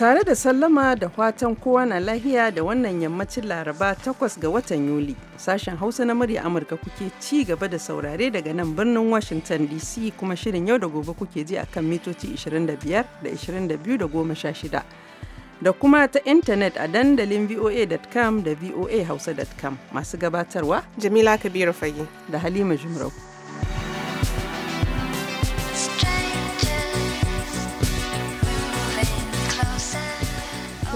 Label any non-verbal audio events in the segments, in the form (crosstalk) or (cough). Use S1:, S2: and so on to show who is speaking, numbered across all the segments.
S1: Tare da sallama da fatan kowa na lahiya da wannan yammacin Laraba takwas ga watan Yuli. Sashen Hausa na murya Amurka kuke ci gaba da saurare daga nan birnin Washington DC kuma shirin yau da gobe kuke ji akan mitoci 25 da 22 da 16. Da kuma ta intanet a dandalin voa.com da voahausa.com masu gabatarwa Jamila Kabiru Fage da Halima Jumrau.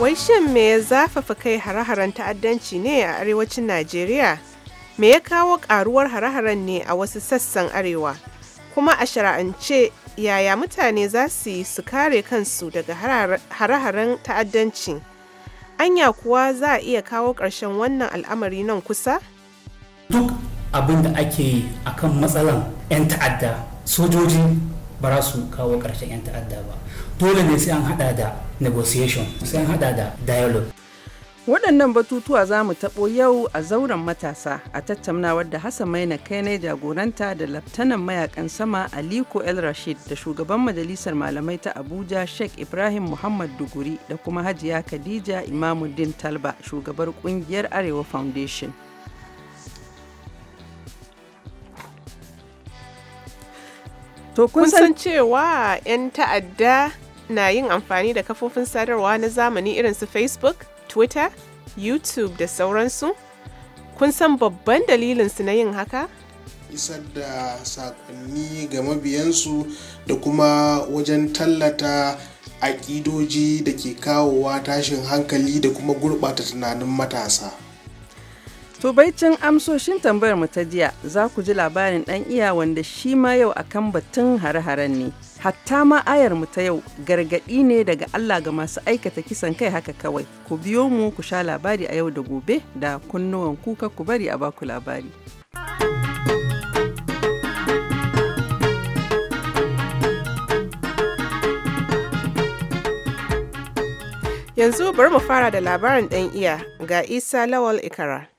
S2: Wai shin me ya zafafa kai hare-haren ta'addanci ne a arewacin Najeriya? Me ya kawo karuwar hare-haren ne a wasu sassan arewa? Kuma a shara'ance yaya mutane za su yi su kare kansu daga hare-haren ta'addanci? Anya kuwa za a iya kawo ƙarshen wannan al'amari nan kusa?
S3: Duk abin da ake yi a kan matsalan 'yan ta'adda sojoji ba su kawo ƙarshen 'yan ta'adda ba.
S1: dole ne sai an hada da
S3: negotiation sai an hada da dialogue
S1: waɗannan batutuwa za mu taɓo yau a zauren matasa a tattaunawar da hassan maina kainai jagoranta da laftanan mayakan sama aliko el rashid da shugaban majalisar malamai ta abuja sheikh ibrahim muhammad duguri da kuma hajiya khadija imamuddin talba shugabar ƙungiyar arewa foundation to kun san cewa 'yan ta'adda
S2: na yin amfani da kafofin sadarwa na zamani irin su Facebook, Twitter, YouTube da sauransu? Kun san babban dalilinsu na yin haka?
S4: Isar da saƙonni ga mabiyansu da kuma wajen tallata aƙidoji da ke kawowa tashin hankali da kuma gurɓata tunanin matasa.
S1: To amsoshin tambayar mu ta jiya za ku ji labarin ɗan iya wanda shi ma yau akan batun hare-haren ne. hatta ma ayar mu ta yau gargaɗi ne daga Allah ga masu aikata kisan kai haka kawai ku biyo mu ku sha labari a yau da gobe da kunnuwan kuka ku bari a baku labari.
S2: Yanzu bari mu fara da labarin ɗan iya ga Isa Lawal Ikara.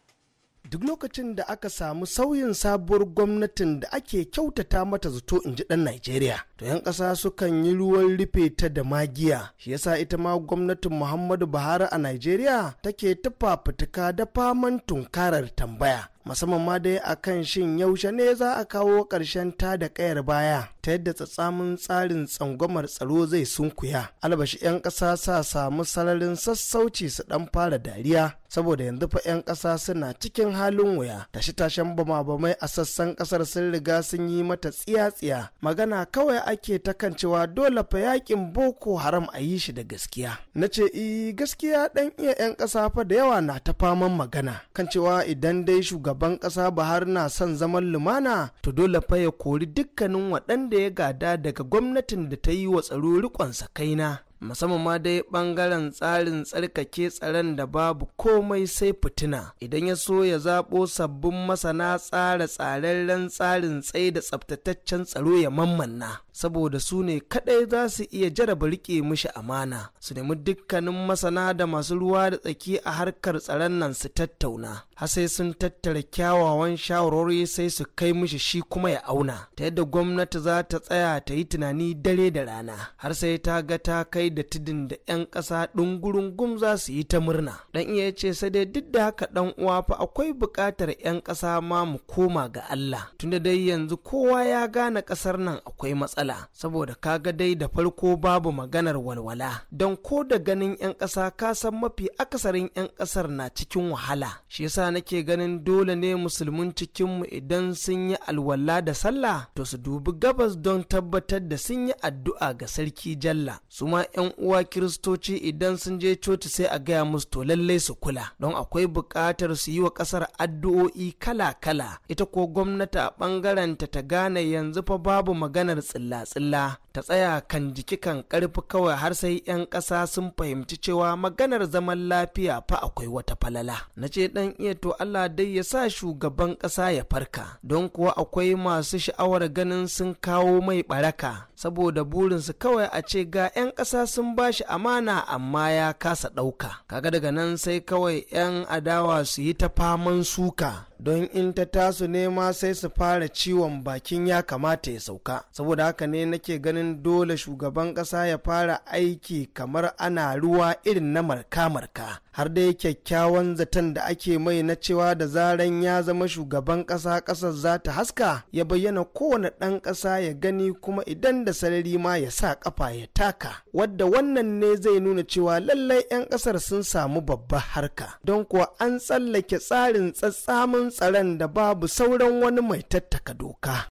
S5: duk lokacin da aka samu sauyin sabuwar gwamnatin da ake kyautata mata zato in ji ɗan Najeriya. To 'yan ƙasa sukan yi ruwan rufe ta da magiya. Shi yasa ita ma gwamnatin Muhammadu Buhari a Najeriya take ta fafutuka da faman tunkarar tambaya. musamman ma dai a kan shin yaushe ne za a kawo ƙarshen ta da ƙayar baya ta yadda tsatsamin tsarin tsangwamar tsaro zai sunkuya albashi 'yan ƙasa sa samu sararin sassauci su ɗan fara dariya saboda yanzu fa 'yan ƙasa suna cikin halin wuya tashe-tashen bama-bamai a sassan ƙasar sun riga sun yi mata tsiya-tsiya magana kawai ake ta kan cewa dole fa yakin boko haram a yi shi da gaskiya na ce eh, gaskiya dan iya 'yan ƙasa fa da yawa na ta faman magana kan cewa idan dai shugaban shugaban ƙasa Buhari na son zaman lumana to dole fa ya kori dukkanin waɗanda ya gada daga gwamnatin da ta yi wa tsaro riƙon kaina. musamman ma dai ɓangaren tsarin tsarkake tsaron da babu komai sai fitina idan ya so ya zaɓo sabbin masana tsara tsararren tsarin tsaye da tsabtataccen tsaro ya mammanna saboda su ne kaɗai za su iya jaraba riƙe mishi amana su nemi dukkanin masana da masu ruwa da tsaki a harkar tsaron nan su tattauna har sai sun tattara kyawawan shawarwari sai su kai mishi shi kuma ya auna ta yadda gwamnati za ta tsaya ta yi tunani dare da rana har sai ta ga ta kai da tudun da 'yan ƙasa ɗungurun gum za su yi ta murna dan iya ce sai dai duk da haka dan uwa fa akwai buƙatar 'yan ƙasa ma mu koma ga Allah tunda dai yanzu kowa ya gane ƙasar nan akwai matsala matsala saboda kaga dai da farko babu maganar walwala don ko da ganin 'yan ƙasa ka san mafi akasarin 'yan ƙasar na cikin wahala shi yasa nake ganin dole ne musulmin cikinmu idan sun yi alwala da sallah to su dubi gabas don tabbatar da sun yi addu'a ga sarki jalla su ma 'yan uwa kiristoci idan sun je coci sai a gaya musu to lallai su kula don akwai buƙatar su yi wa ƙasar addu'o'i kala-kala ita ko gwamnati a ɓangaren ta ta gane yanzu fa babu maganar tsilla tsilla-tsilla ta tsaya kan jiki kan karfi kawai har sai 'yan ƙasa sun fahimci cewa maganar zaman lafiya fa akwai wata falala na ce dan iya to Allah dai ya sa shugaban ƙasa ya farka don kuwa akwai masu sha'awar ganin sun kawo mai baraka saboda burinsu kawai a ce ga 'yan ƙasa sun ba shi amana amma ya kasa ɗauka kaga daga nan sai kawai 'yan adawa su yi ta faman suka don in ta tasu nema sai su fara ciwon bakin ya kamata ya sauka saboda haka ne nake ganin dole shugaban ƙasa ya fara aiki kamar ana ruwa irin na marka-marka har dai kyakkyawan zaton da ake mai na cewa da zaran ya zama shugaban ƙasa ƙasar za ta haska ya bayyana kowane ɗan ƙasa ya gani kuma idan da sarari ma ya sa ƙafa ya taka wadda wannan ne zai nuna cewa lallai 'yan ƙasar sun samu babbar harka don kuwa an tsallake tsarin tsatsamin cikin tsaron da babu sauran wani mai tattaka
S1: doka.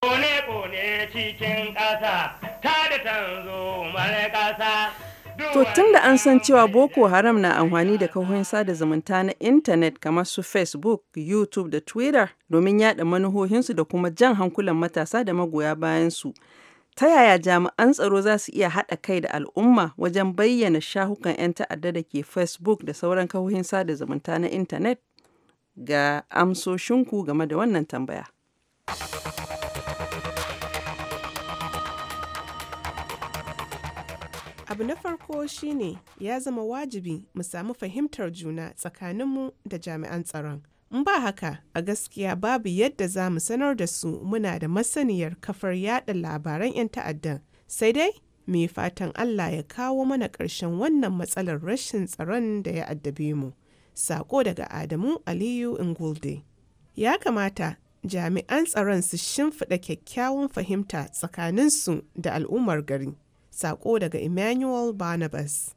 S1: To tun da an san cewa Boko Haram na amfani da kahohin sada zumunta na intanet kamar su Facebook, YouTube da Twitter domin yada manuhohinsu da kuma jan hankulan matasa da magoya bayansu. Ta yaya jami'an tsaro za su iya haɗa kai da al'umma wajen bayyana shahukan 'yan ta'adda da ke Facebook da sauran kahohin sada zumunta na intanet? ga amsoshinku game da wannan tambaya.
S2: Abu na farko shine ya zama wajibi mu samu fahimtar juna tsakaninmu da jami'an tsaron. In ba haka a gaskiya babu yadda za mu sanar da su muna da masaniyar kafar yada labaran 'yan ta'addan sai dai mai fatan Allah ya kawo mana ƙarshen wannan matsalar rashin tsaron da ya addabe mu. Sako daga Adamu Aliyu Ingulde. Ya kamata jami'an tsaron su shimfiɗa kyakkyawan fahimta tsakaninsu da al'ummar gari. Sako daga Emmanuel Barnabas.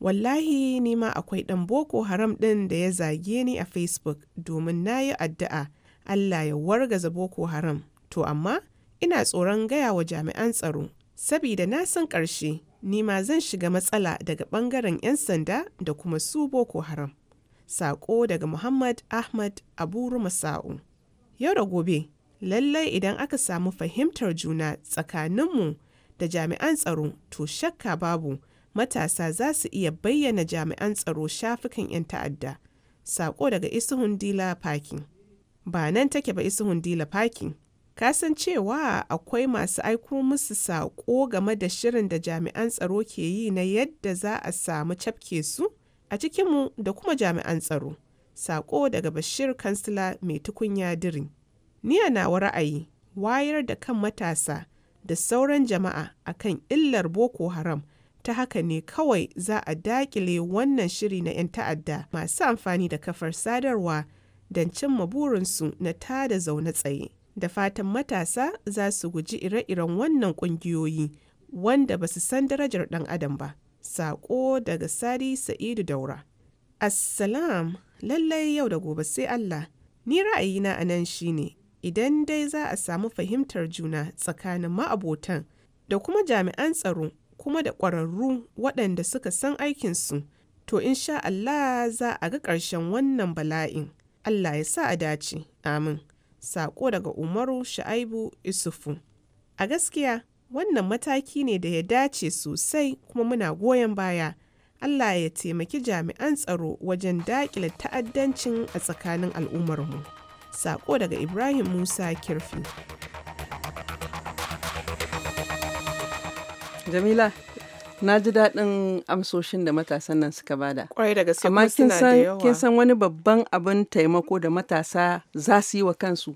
S2: Wallahi nima akwai ɗan boko haram ɗin da ya zage ni a Facebook domin na yi addu'a Allah ya wargaza boko haram. To amma ina tsoron gaya wa jami'an tsaro sabida na san ƙarshe nima zan shiga matsala daga ɓangaren 'yan sanda da kuma su boko haram. Saƙo daga Muhammad Ahmad Abu Rumasa'u. Yau da gobe, lallai idan aka samu fahimtar juna tsakaninmu da jami'an tsaro to shakka babu matasa za su iya bayyana jami'an tsaro shafukan 'yan ta'adda. Saƙo daga Isuhun Dila Faki. Ba nan take ba Isuhun Dila Faki. kasan cewa akwai masu aiko musu saƙo game da shirin da jami'an tsaro ke yi na yadda za a samu cafke su a cikinmu da kuma jami'an tsaro. Sako daga Bashir Kansila mai tukunya diri. Niya na wa ra'ayi wayar da kan matasa da sauran jama'a a kan illar Boko Haram ta haka ne kawai za a dakile wannan shiri na 'yan ta'adda masu amfani da kafar sadarwa don cimma burinsu na tada zaune tsaye. Da fatan matasa za su guji ire-iren wannan ƙungiyoyi wanda ba su san darajar ɗan adam ba. Saƙo daga Sadi Sa'idu Daura. Assalam, lallai yau da gobe sai Allah. Ni ra'ayina a nan shine idan dai za a samu fahimtar juna tsakanin ma'abotan da kuma jami'an tsaro kuma da ƙwararru waɗanda suka san aikinsu, to sha Allah za a ga ƙarshen wannan bala'in. Allah ya sa a dace, amin. Saƙo daga Umaru Sha'aibu Isufu. A gaskiya, Wannan mataki ne da ya dace sosai kuma muna goyon baya. Allah ya taimaki jami'an tsaro wajen daƙile ta'addancin a tsakanin al'ummarmu. Sako daga Ibrahim Musa Kirfi.
S1: Jamila, na ji daɗin amsoshin da matasan nan suka bada. Kwarai da gaske Amma kin san wani babban abin taimako da matasa za su yi wa kansu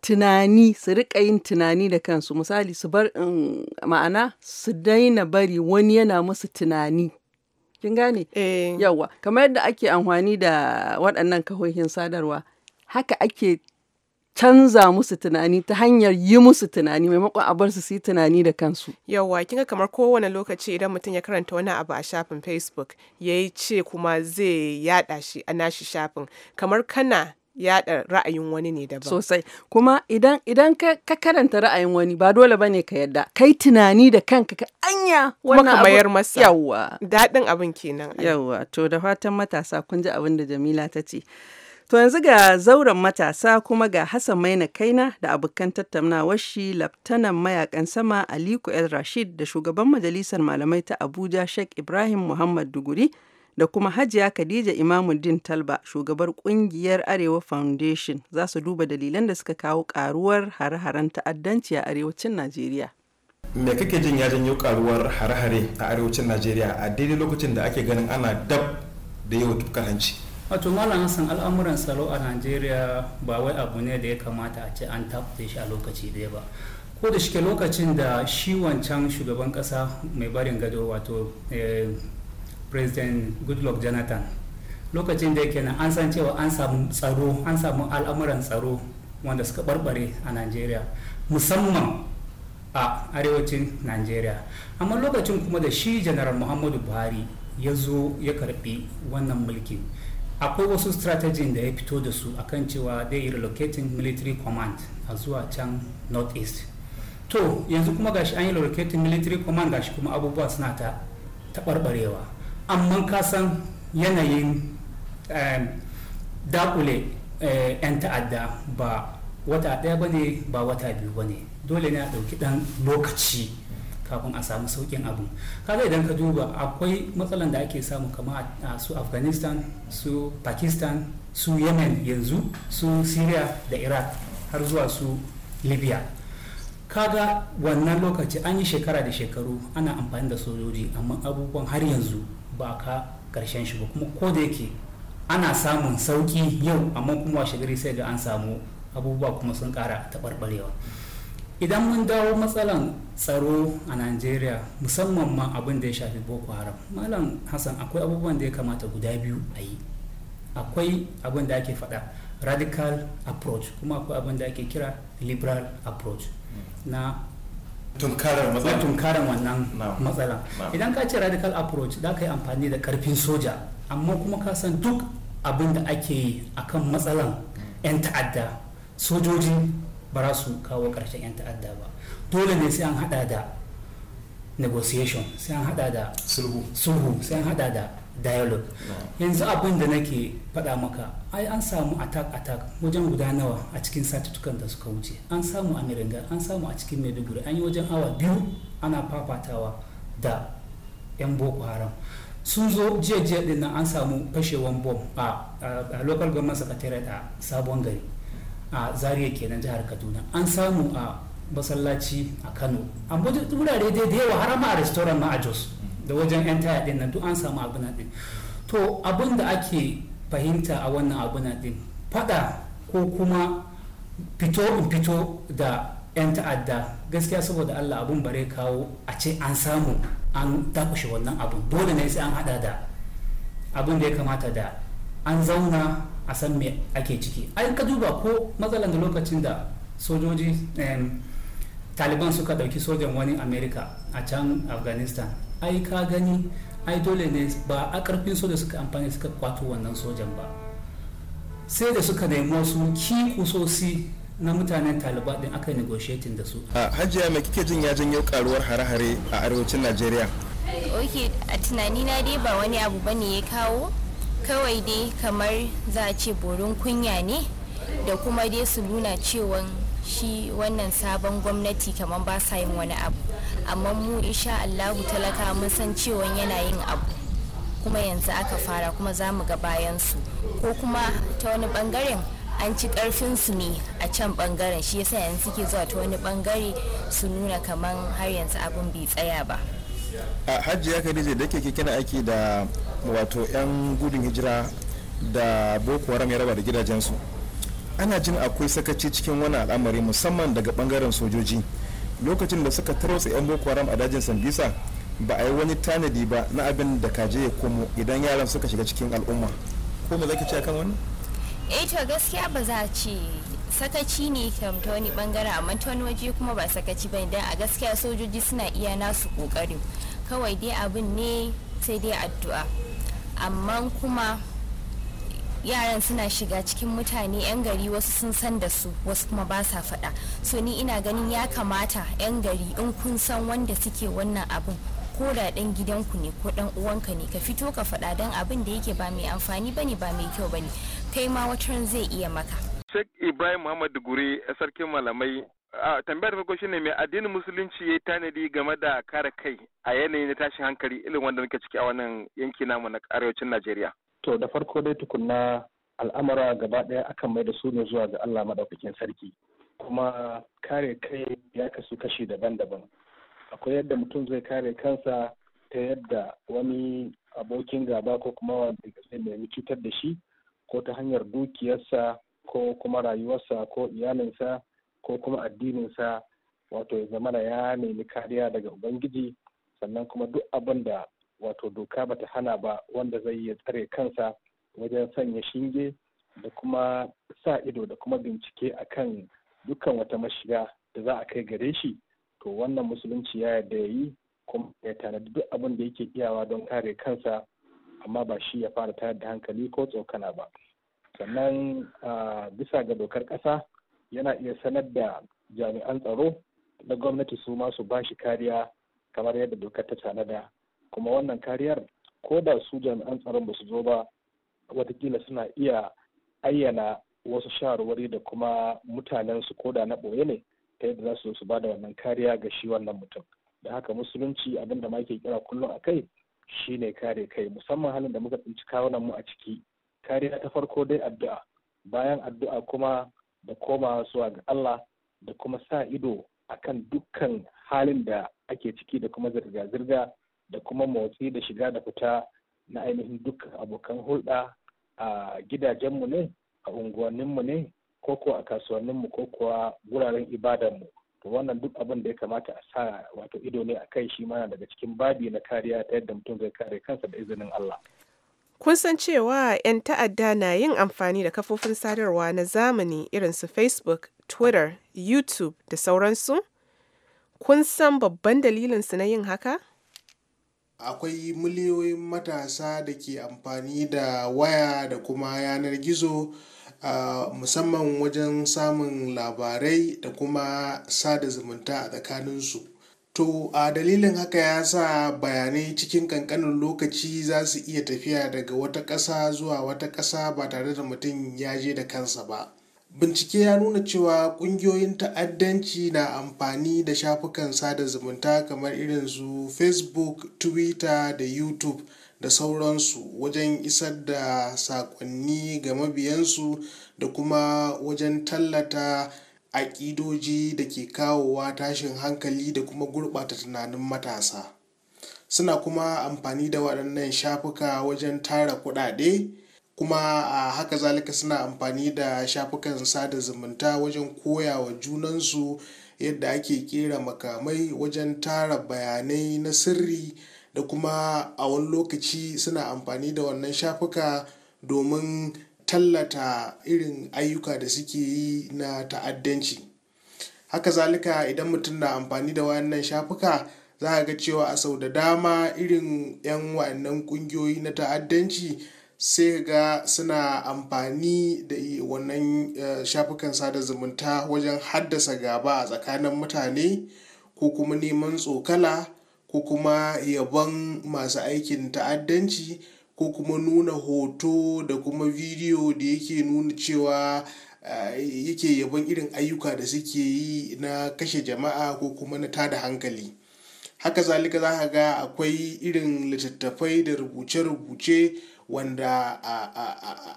S1: tunani su rika yin tunani da kansu misali su bar in um, ma'ana su daina bari wani yana musu tunani kin gane eh. yawa kamar yadda ake amfani da waɗannan kahohin sadarwa haka ake canza musu tunani ta hanyar yi musu tunani maimakon a bar su su yi tunani da kansu.
S2: Yawwa kinga kamar kowane lokaci idan mutum ya karanta wani abu a shafin Facebook ya yi ce kuma zai yada shi a nashi shafin kamar kana yaɗa ra'ayin wani ne daban. Sosai.
S1: Kuma idan idan ka, karanta ra'ayin wani ba dole bane ka yadda. Kai tunani da kanka ka anya wannan ka mayar masa. Yawwa. Daɗin abin kenan. Yawwa. To da fatan matasa kun ji abin da Jamila ta ce. To yanzu ga zauren matasa kuma ga Hassan Maina Kaina da abokan tattaunawar shi Laftanan mayakan sama Aliko El Rashid da shugaban majalisar malamai ta Abuja Sheikh Ibrahim Muhammad Duguri da kuma Hajiya Khadija Imamuddin Talba, shugabar kungiyar Arewa Foundation, za su duba dalilan da suka kawo karuwar hare-haren ta'addanci a arewacin Najeriya.
S6: Me kake jin ya janyo karuwar hare-hare a arewacin Najeriya a daidai lokacin da ake ganin ana dab da yawan tufkar hanci?
S3: Wato Malam Hassan al'amuran salo a Najeriya ba wai abu ne da ya kamata a ce an tafi shi a lokaci daya ba. ko da shike lokacin da shi wancan shugaban kasa mai barin gado wato eh, president goodluck jonathan lokacin da yake nan an san cewa an samu tsaro an samu al'amuran tsaro wanda suka barbare a nigeria musamman a arewacin nigeria amma lokacin kuma da shi general muhammadu buhari ya zo ya karbi wannan mulkin akwai wasu strategy da ya fito da su akan cewa dai relocating military command a zuwa can north northeast to yanzu kuma gashi an yi relocating military command gashi kuma abubuwa suna ta taɓarɓarewa amma kasan yanayin eh, dakule eh, 'yan ta'adda ba wata ɗaya ba ne ba wata biyu ba ne dole ne a ɗauki ɗan lokaci kafin a samu saukin abu kaga idan ka duba akwai matsalan da ake samu kama a su afghanistan su pakistan su yemen yanzu su syria da iraq har zuwa su libya kaga wannan lokaci an yi shekara da shekaru ana amfani da sojoji amma abubuwan har yanzu ba ka karshen shi ba kuma ko da yake ana samun sauki yau amma kuma washe gari sai ga an samu abubuwa kuma sun kara taɓarɓarewa idan mun dawo matsalan tsaro a najeriya musamman ma abin da ya shafi boko haram malam hassan akwai abubuwan da ya kamata guda biyu a yi akwai abin da ake faɗa radical approach kuma akwai abin da ake kira liberal approach na tunkarar matsala tunkarar wannan matsala idan ka ce radical approach za ka yi amfani da karfin soja amma kuma ka san duk abin da ake yi akan matsalan 'yan ta'adda sojoji ba za su kawo karshen 'yan ta'adda ba dole ne sai an hada da negotiation sai an hada da sulhu sai an hada da dialogue yanzu abin da nake faɗa maka ai an samu attack attack wajen guda nawa a cikin satutukan da suka wuce an samu a miringa an samu a cikin maiduguri an yi wajen awa biyu ana fafatawa da 'yan boko haram sun zo jiya jiya din nan an samu fashewan bom a local government secretariat a sabon gari a zariya kenan jihar kaduna an samu a masallaci a kano a wurare dai da yawa har ma a restaurant ma a jos da wajen yan taya din nan duk an samu abuna din to abin da ake fahimta a wannan abuna din fada ko kuma fito in fito da yan ta'adda gaskiya saboda allah abun bare kawo a ce an samu an takushe wannan abun dole ne sai an hada da abin da ya kamata da an zauna a san me ake ciki ai ka duba ko matsalan da lokacin da sojoji taliban suka dauki sojan wani america a can afghanistan ai ka gani ai dole ne ba a karfin soja suka amfani suka kwato wannan sojan ba sai da suka nemi wasu ki kusosi na mutanen taliban din aka negotiating da su
S6: a ah, hajiya mai kike jin ya janyo karuwar hare-hare a arewacin najeriya
S7: ok a tunani na dai ba wani abu ne ya kawo kawai dai kamar za a ce borin kunya ne da kuma dai su nuna cewa shi wannan sabon gwamnati kamar ba sa yin wani abu amma mu isha Allahu talaka mun san cewa yana yin abu kuma yanzu aka fara kuma za mu ga bayan su ko kuma ta wani bangaren an ci karfin su ne a can bangaren shi yasa yanzu suke zuwa ta wani bangare su nuna kaman har yanzu abun bai tsaya ba
S5: a
S6: hajjiya khadija da ke kina aiki da wato 'yan gudun hijira da boko haram ya raba da gidajensu ana jin akwai sakaci cikin wani al'amari musamman daga bangaren sojoji lokacin da suka tarwatsa 'yan boko haram a dajin sambisa ba a yi wani tanadi ba na abin da kaje ya komo idan yaran suka shiga cikin al'umma
S8: ko mu zaki ce akan
S7: wani. eh to gaskiya ba za ce sakaci ne kam ta wani bangare amma ta wani waje kuma ba sakaci ba idan a gaskiya sojoji suna iya nasu kokarin kawai dai abin ne sai dai addu'a amma kuma yaran suna shiga cikin mutane 'yan gari wasu sun san da su wasu kuma ba sa faɗa so ni ina ganin ya kamata 'yan gari in kun san wanda suke wannan abin ko da dan gidanku ne ko dan uwanka ne ka fito ka faɗa dan abin da yake ba mai amfani bane ba mai kyau bane kai ma watan zai iya maka
S6: Sheikh Ibrahim Muhammad Guri sarkin malamai a tambayar farko shine mai addinin musulunci ya tanadi game da kare kai a yanayin tashin hankali irin wanda muke ciki a wannan yanki namu na arewacin Najeriya. to da farko dai tukunna al'amura gaba ɗaya akan mai da su ne zuwa ga Allah maɗaukakin sarki kuma kare kai ya kasu kashi daban-daban akwai yadda mutum zai kare kansa ta yadda wani abokin gaba ko kuma wanda zai nemi cutar da shi ko ta hanyar dukiyarsa ko kuma rayuwarsa ko iyalinsa ko kuma addininsa wato ya zamana ya nemi kariya daga ubangiji sannan kuma duk abin da wato doka ba ta hana ba wanda zai iya tsare kansa wajen sanya shinge da kuma sa ido da kuma bincike akan dukkan wata mashiga da za a kai gare shi to wannan musulunci ya yarda ya yi kuma ya tanadi duk abin da yake iyawa don kare kansa amma ba shi ya fara tayar da hankali ko tsokana ba sannan bisa ga dokar ƙasa yana iya sanar da jami'an tsaro na gwamnati su ma su ba shi kariya kamar yadda dokar ta tanada kuma wannan kariyar ko da su jami'an tsaron ba su zo ba watakila suna iya ayyana wasu shawarwari da kuma mutanen su ko da na ɓoye ne ta yadda za su su ba da wannan kariya ga shi wannan mutum da haka musulunci abin da ke kira kullum a kai shine kare kai musamman halin da muka tsinci kawunan mu a ciki kariya ta farko dai addu'a bayan addu'a kuma da koma zuwa ga Allah da kuma sa ido akan dukkan halin da ake ciki da kuma zirga-zirga da kuma motsi da shiga da fita na ainihin duk abokan hulɗa a gidajenmu ne a unguwanninmu ne ko kuwa a kasuwanninmu ko kuwa wuraren ibadanmu to wannan duk abin da ya kamata a sa wato ido ne a kai shi mana daga cikin babi na kariya ta yadda mutum zai kare kansa da izinin Allah.
S2: Kun san cewa 'yan ta'adda na yin amfani da kafofin sadarwa na zamani irin su Facebook, Twitter, YouTube da sauransu? Kun san babban dalilinsu na yin haka?
S4: akwai miliyoyin matasa da ke amfani da waya da kuma yanar gizo a musamman wajen samun labarai da kuma sada zumunta a tsakaninsu to a dalilin haka ya sa bayanai cikin kankanin lokaci za su iya tafiya daga wata ƙasa zuwa wata ƙasa ba tare da mutum ya je da kansa ba Bincike ya nuna cewa ƙungiyoyin ta'addanci na amfani da shafukan sada zumunta kamar irin su Facebook, Twitter da YouTube da sauransu wajen isar da saƙonni ga mabiyansu da kuma wajen tallata aƙidoji da ke kawowa tashin hankali da kuma gurɓata tunanin matasa. Suna kuma amfani da waɗannan shafuka wajen tara kuɗaɗe. kuma a haka zalika suna amfani da shafukan sada zumunta wajen koya wa junansu yadda ake kera makamai wajen tara bayanai na sirri da kuma a wani lokaci suna amfani da wannan shafuka domin tallata irin ayyuka da suke yi na ta'addanci haka zalika idan mutum na amfani da wannan shafuka za a ga cewa a sau da dama irin 'yan wannan kungiyoyi na ta'addanci sai ga suna amfani da wannan eh, shafukan sada zumunta wajen haddasa gaba a tsakanin mutane ko kuma neman tsokala ko kuma yabon masu aikin ta'addanci ko kuma nuna hoto da kuma bidiyo da yake nuna cewa eh, yake yabon irin ayyuka da suke yi na kashe jama'a ko kuma na tada hankali haka zalika za ga akwai irin littattafai da rubuce-rubuce wanda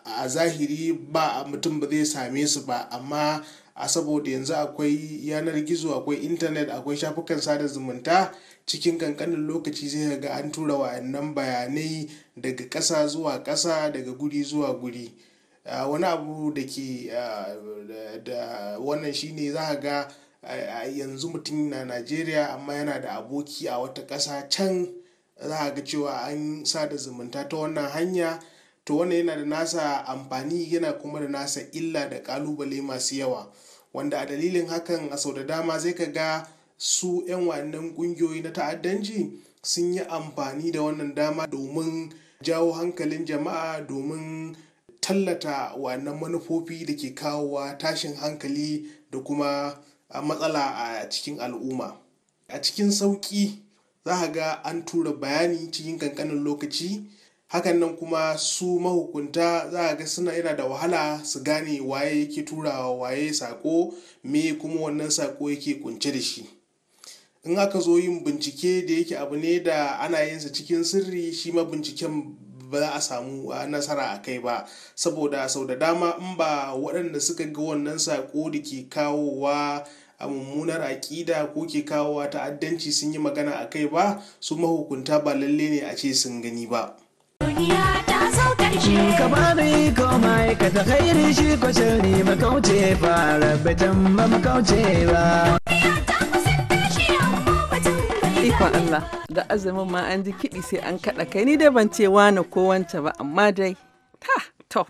S4: a zahiri ba mutum ba zai same su ba amma a saboda yanzu akwai yanar gizo akwai intanet akwai shafukan sada zumunta cikin kankanin lokaci zai ga an tura wa'annan bayanai daga ƙasa zuwa ƙasa daga guri zuwa guri wani abu da ke da wannan shine za a ga yanzu mutum na najeriya amma yana da aboki a wata ƙasa can za a ga cewa an sa da zumunta ta wannan hanya to wannan yana da nasa amfani yana kuma da nasa illa da kalubale masu yawa wanda a dalilin hakan a sau da dama zai ka ga su 'yan wannan kungiyoyi na ta'addanci sun yi amfani da wannan dama domin jawo hankalin jama'a domin tallata wannan manufofi da ke kawowa tashin hankali da kuma matsala a cikin al'umma a cikin sauƙi za ka ga an tura bayani cikin kankanin lokaci hakan nan kuma su mahukunta za ga suna yana da wahala su gane waye yake turawa waye sako me kuma wannan sako yake kunce da shi in aka zo yin bincike da yake abu ne da ana yin sa cikin sirri shi ma binciken ba za a samu nasara a kai ba saboda sau da dama in ba waɗanda suka ga wannan sako da ke kawowa a mummunar aƙida ko ke kawowa ta'addanci sun yi magana a kai ba su mahukunta ba lalle ne a ce sun gani ba. ko
S1: Ikon Allah da azumin ma an ji kiɗi sai an kaɗa kai ni da ban ce wani ko wance ba amma dai ta to.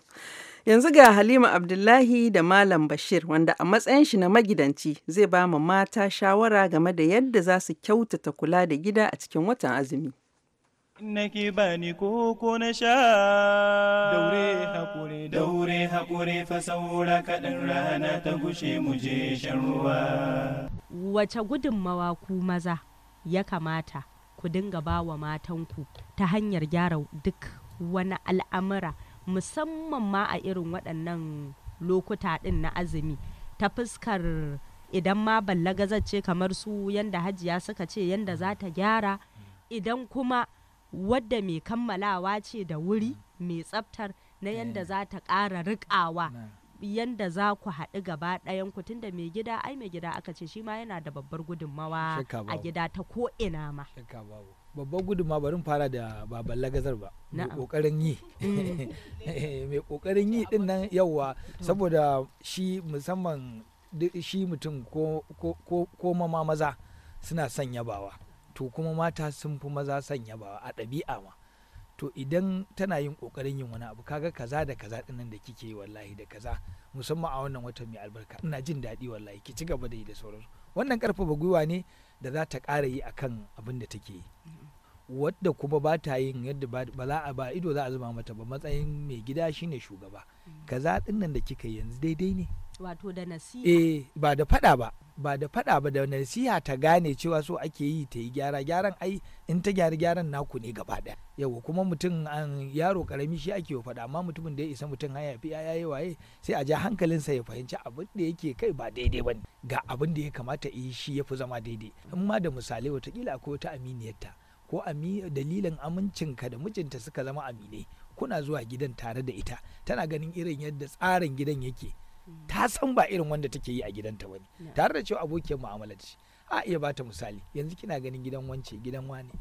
S1: Yanzu ga Halima Abdullahi da Malam Bashir wanda a matsayin shi na magidanci zai ba ma mata shawara game da yadda za su kyautata kula da gida a cikin watan azumi.
S3: ba bani koko na sha daure hakuri daure fa saura kaɗan rana ta gushe mu je shan ruwa.
S9: Wace gudunmawa ku maza ya kamata ku dinga ba wa matanku ta hanyar gyara duk wani al'amura musamman ma a irin waɗannan lokuta ɗin na azumi ta fuskar idan ma ballagazar ce kamar su yanda hajiya suka ce yanda za ta gyara idan kuma wadda mai kammalawa ce da wuri mai tsaftar na yanda za ta ƙara riƙawa yanda za ku haɗu gaba ɗayan ku tunda mai gida ai mai gida aka ce shi ma yana da babbar gudunmawa a gida ta ko ina ma.
S8: babbar gudunma barin fara da baban lagazar ba mai kokarin yi mm. (laughs) mai kokarin yi din nan yauwa saboda shi musamman shi mutum ko ma maza suna son yabawa to kuma mata sun fi maza son yabawa a ɗabi'a ma to idan tana yin kokarin yin wani abu kaga kaza da kaza dinnan da kike yi wallahi da kaza musamman a wannan watan mai albarka ina jin daɗi wallahi ki ci gaba da yi da sauransu wannan karfafa gwiwa ne da za ta ƙara yi akan abin da take yi wadda kuma ba ta yin yadda ba za a ba ido za a zuba mata ba matsayin mai gida shine shugaba mm. kaza din nan da kika yanzu daidai ne
S9: wato da nasiha eh
S8: ba da fada ba ba da fada ba da nasiha ta gane cewa so ake yi ta yi gyara gyaran ai in ta gyara gyaran naku ne gaba daya yawa kuma mutum an yaro karami shi ake yi fada amma mutumin da ya isa mutum ya fi ya yi waye sai a ja hankalinsa ya fahimci abin da yake kai ba daidai ba ga abin da ya kamata yi eh, shi ya fi zama daidai amma da misalai watakila akwai wata aminiyarta ko dalilin amincinka da mijinta suka zama aminai kuna zuwa gidan tare da ita tana ganin irin yadda tsarin gidan yake ta san ba irin wanda take yi a gidanta wani, tare da cewa abokiyar mu'amala ce a iya bata misali yanzu kina ganin gidan wance gidan wane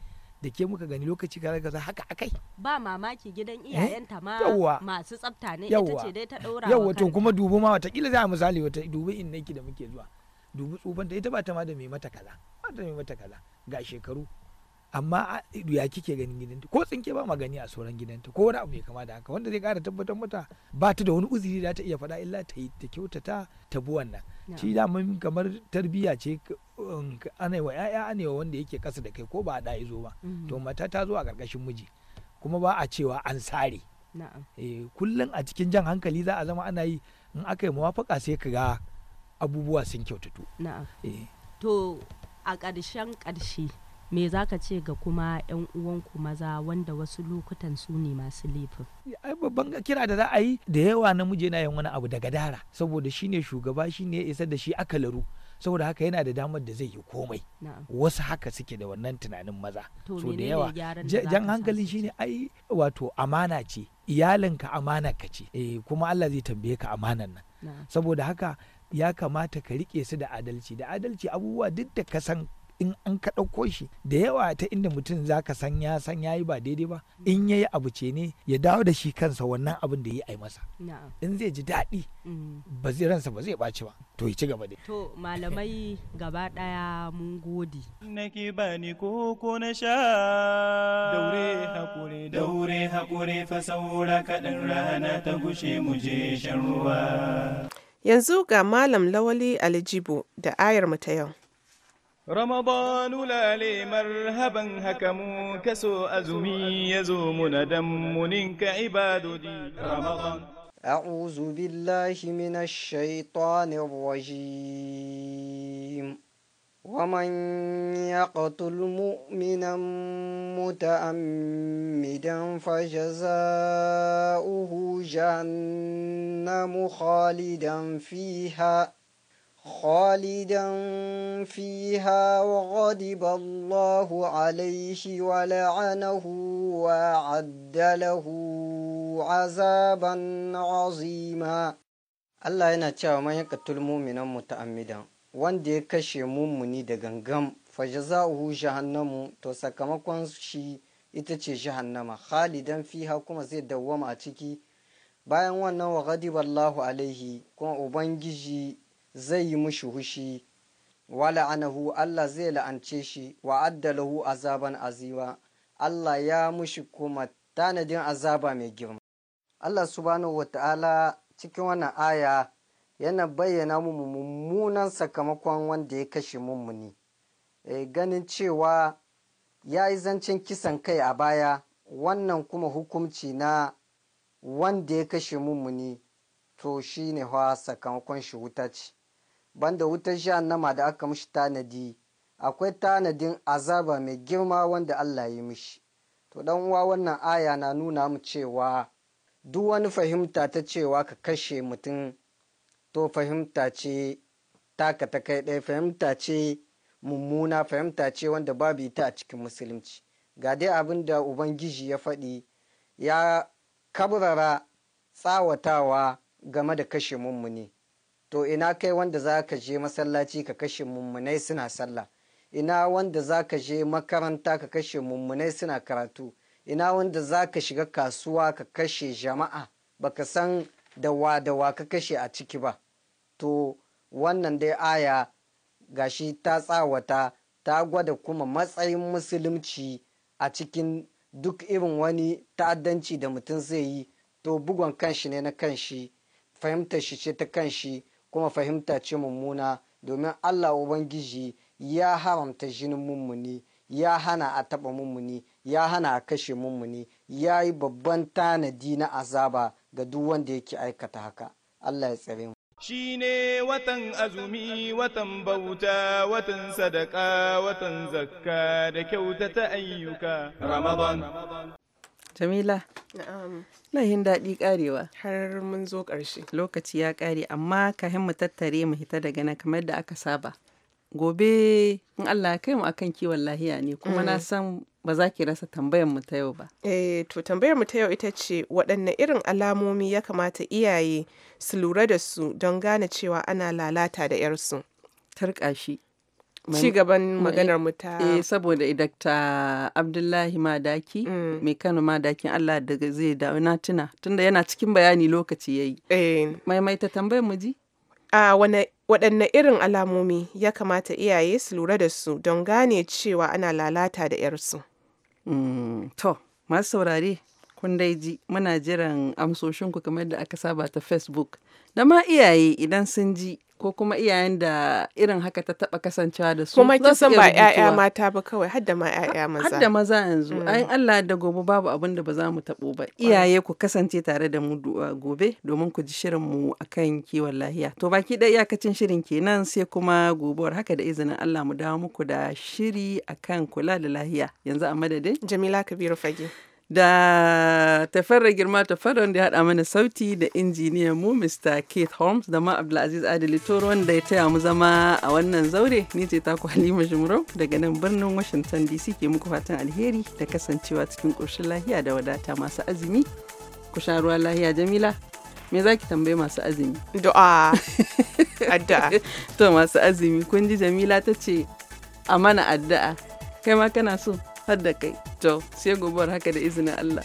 S8: da ke muka gani lokaci kaza kaza haka akai
S9: ba mamaki gidan eh? iyayenta ma masu tsafta ne ita ce dai ta daura yawa to
S8: kuma dubu ma watakila za a misali wata dubu in nake da muke zuwa dubu tsufanta ita ba ta ma da mai mata kaza ba ta mai mata kaza ga shekaru amma ya kike ganin gidanta ko tsinke ba magani a sauran gidanta ko wani abu mai kama da haka wanda zai kara tabbatar mata ba ta da wani uzuri da ta iya faɗa illa ta yi ta kyautata ta bi wannan shi daman kamar tarbiyya ce um, ana wa ya'ya ana wa wanda yake kasa da kai ko ba a da zo ba mhm. to mata ta zo a ƙarƙashin miji kuma ba a cewa an sare eh, kullum a cikin jan hankali za a zama ana yi in aka yi mawafaka sai ka ga abubuwa sun kyautatu eh. to a ƙarshen
S9: ƙarshe me za ka ce ga kuma 'yan uwanku maza wanda wasu lokutan su ne masu laifin
S8: ai babban kira da za a yi da yawa namiji yana yin wani abu daga dara saboda shi ne shugaba ne ya isa da shi aka laru saboda haka yana da damar da zai yi komai wasu haka suke da wannan tunanin maza so da yawa jan hankalin shine ai wato amana ce iyalinka amana ka ce eh, kuma Allah zai tambaye ka amanan nan saboda haka ya kamata ka rike su da adalci da adalci abubuwa duk da ka san in an ka ɗauko shi da yawa ta inda mutum za ka san ya san ya yi ba daidai ba in ya yi abu ce ne ya dawo da shi kansa wannan abin da ya yi masa in zai ji daɗi mm. ba zai ransa ba zai ɓaci ba to ya ci gaba da
S9: to malamai (laughs)
S3: gaba ɗaya mun gode ke ba ni koko na sha daure haƙure. daure haƙure fa saura kaɗan rana ta gushe mu je shan ruwa
S2: yanzu ga malam lawali alijibo da ayar mu ta yau
S8: رمضان لا لي مرهبا هكموا كسو أزمي ندم منك عباد دي
S3: رمضان
S10: أعوذ بالله من الشيطان الرجيم ومن يقتل مؤمنا متأمدا فجزاؤه جهنم خالدا فيها خالدا فيها وغضب الله عليه ولعنه وأعد له عذابا عظيما Allah yana cewa man yaqtul mu'minan muta'ammidan wanda ya kashe mummuni da gangam fa jazaohu jahannamu to sakamakon shi ita ce jahannama khalidan fiha kuma zai dawwama a ciki bayan wannan wa ghadiballahu alaihi kuma ubangiji zai yi mushi hushi wala anahu Allah zai la'ance shi wa addalahu azaban aziwa Allah ya mushi kuma tanadin azaba mai girma Allah subhanahu wata'ala cikin wannan aya yana bayyana mu mummunan sakamakon wanda ya kashe mummuni e, ganin cewa ya yi zancen kisan kai a baya wannan kuma hukumci na wanda ya kashe mummuni to shi ne sakamakon shi wuta ce banda wutar nama da aka mishi tanadi akwai tanadin azaba mai girma wanda Allah ya yi mishi to dan uwa wannan aya na nuna mu cewa duk wani fahimta ta cewa ka kashe mutum to fahimta ce taka ta kai ɗaya fahimta ce mummuna fahimta ce wanda babu ita a cikin musulunci ga dai abin da ubangiji ya faɗi ya kabrara tsawatawa game da kashe mummuni to ina kai wanda za ka je masallaci ka kashe mummunai suna sallah ina wanda za ka je makaranta ka kashe mummunai suna karatu ina wanda za ka shiga kasuwa ka kashe jama'a baka san dawa dawa ka kashe a ciki ba to wannan dai aya gashi ta tsawata ta gwada kuma matsayin musulunci a cikin duk irin wani ta'addanci da mutum zai yi to bugon kanshi ne na kanshi fahimtar shi ce ta kanshi kuma fahimta ce mummuna domin Allah Ubangiji ya haramta jinin mummuni ya hana a taɓa mummuni ya hana a kashe mummuni ya yi babban tanadi na azaba ga duk wanda yake aikata haka Allah ya tsare mu
S8: shi ne watan azumi watan bauta watan sadaka watan zakka da kyautata ayyuka ramadan
S1: Jamila. Na'am. Lahin daɗi ƙarewa. Har mun zo ƙarshe. Lokaci ya ƙare amma kahin mu tattare mu hita daga nan kamar da aka saba. Gobe in Allah kai mu akan kiwon lahiya ne kuma na mm. san ba za ki rasa tambayar mu ta yau ba.
S2: Eh to tambayar mu ta yau ita ce waɗanne irin alamomi ya kamata iyaye
S1: su lura da su don gane cewa ana lalata da 'yarsu. Tarƙashi. ci gaban maganar muta eh saboda idakta eh, Abdullahi Madaki mm. mai Kano Madakin Allah da zai dawo na tuna tunda yana cikin bayani lokaci yayi eh maimaita tambayar mu ji a waɗanne irin alamomi ya kamata iyaye su lura da su don gane cewa ana lalata da 'yarsu mm, to masu saurare kun dai ji muna jiran amsoshinku kamar da aka saba ta facebook da ma iyaye idan sun ji ko kuma iyayen da irin haka ta taba kasancewa da su kuma kin san ba yaya mata ba kawai har ma ƴaƴa maza har maza yanzu mm. Allah da gobe babu abin da ba za mu tabo ba iyaye ku kasance tare da mu ah, gobe domin ku ji shirin mu akan kiwon lahiya to baki da iyakacin shirin kenan sai kuma gobuwar haka da izinin Allah mu dawo muku da shiri akan kula da lahiya yanzu a madadin Jamila Kabiru Fage da tafarra girma tafarran wanda ya haɗa mana sauti da injiniyan mu Mr. Keith Holmes da ma Abdulaziz Adili Toro wanda ya taya mu zama a wannan zaure ni ce taku Halima Jumro daga nan birnin Washington DC ke muku fatan alheri da kasancewa cikin ƙoshin lahiya da wadata masu azumi ku sha ruwa lahiya Jamila me zaki tambaye masu azumi du'a (laughs) addu'a to masu azumi kun ji Jamila ta ce a mana addu'a kai ma kana so har da kai to sai gobe haka da izinin Allah